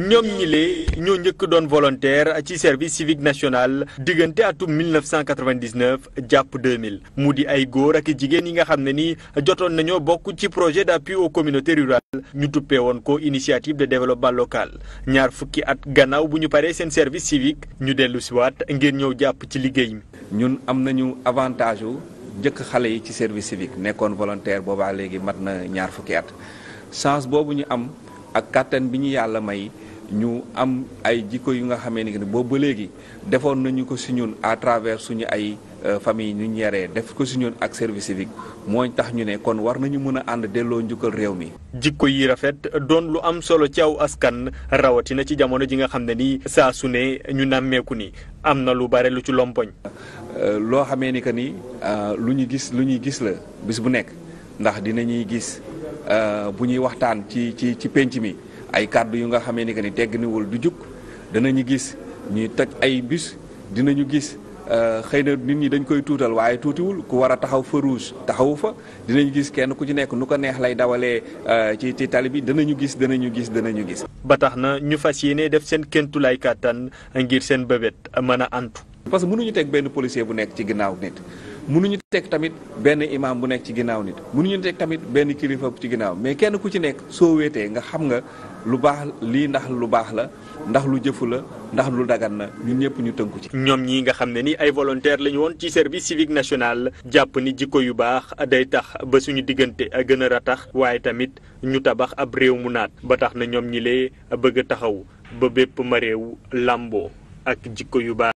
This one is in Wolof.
ñoom ñilee ñoo njëkk doon volontaire ci service civique national diggante atum 1999 jàpp 2000 mu di ay góor ak jigéen yi nga xam ne ni jotoon nañoo bokk ci projet d'appui aux communautés rurales ñu tuppee woon ko initiative de développement local ñaar fukki at gannaaw bu ñu paree seen service civique ñu dellu si ngir ñëw jàpp ci liggéey mi. ñun am nañu avantage wu njëkk xale yi ci service civique nekkoon volontaire boobaa léegi mat na ñaar fukki at chance boobu ñu am ak kàttan bi ñu yàlla may. ñu am ay jikko yu nga xamee ni boobu ba léegi defoon nañu ko si ñun à travers suñu ay euh, famille ñu ñeree def ko si ñun ak service civique mooñ tax ñu ne kon war nañu mën a ànd delloo njukkal réew mi. jikko yi rafet doon lu am solo ci aw askan rawatina ci jamono ji nga xam ne nii saa su ne ñu nàmmeeku ni am na lu bare lu ci lompoñ. Euh, loo xamee ni que ni euh, lu ñu gis lu ñuy gis la bis bu nekk ndax dinañuy gis bu ñuy waxtaan ci ci ci penc mi. ay kàddu yu nga xamee ni que ni tegg niwul du dana ñu gis ñuy toj ay bus dinañu gis euh, xëy na nit ñi dañ koy tuutal waaye tuutiwul ku war a taxaw feu rouge taxawu fa dinañu gis kenn ku ci nekk nu ko neex lay dawalee euh, ci ci tali bi danañu gis danañu gis danañu gis. ba tax na ñu fas yéene def seen kéntulaay kàttan ngir seen a mën a ant parce que mënuñu teg benn policier bu nekk ci ginnaaw nit mënuñu teg tamit benn imam bu nekk ci ginnaaw nit mënuñu teg tamit benn kilifa ci ginnaaw mais kenn ku ci nekk soo wéetee nga xam nga lu baax lii ndax lu baax la ndax lu jëfu la ndax lu dagat na ñun ñëpp ñu tënku ci. ñoom ñii nga xam ne ni ay volontaire lañu woon ci service civique national jàpp ni jikko yu baax day tax ba suñu diggante gën a ratax waaye tamit ñu tabax ab réew mu naat ba tax na ñoom ñi lee bëgg a taxaw ba bépp ma réew làmboo ak yu baax.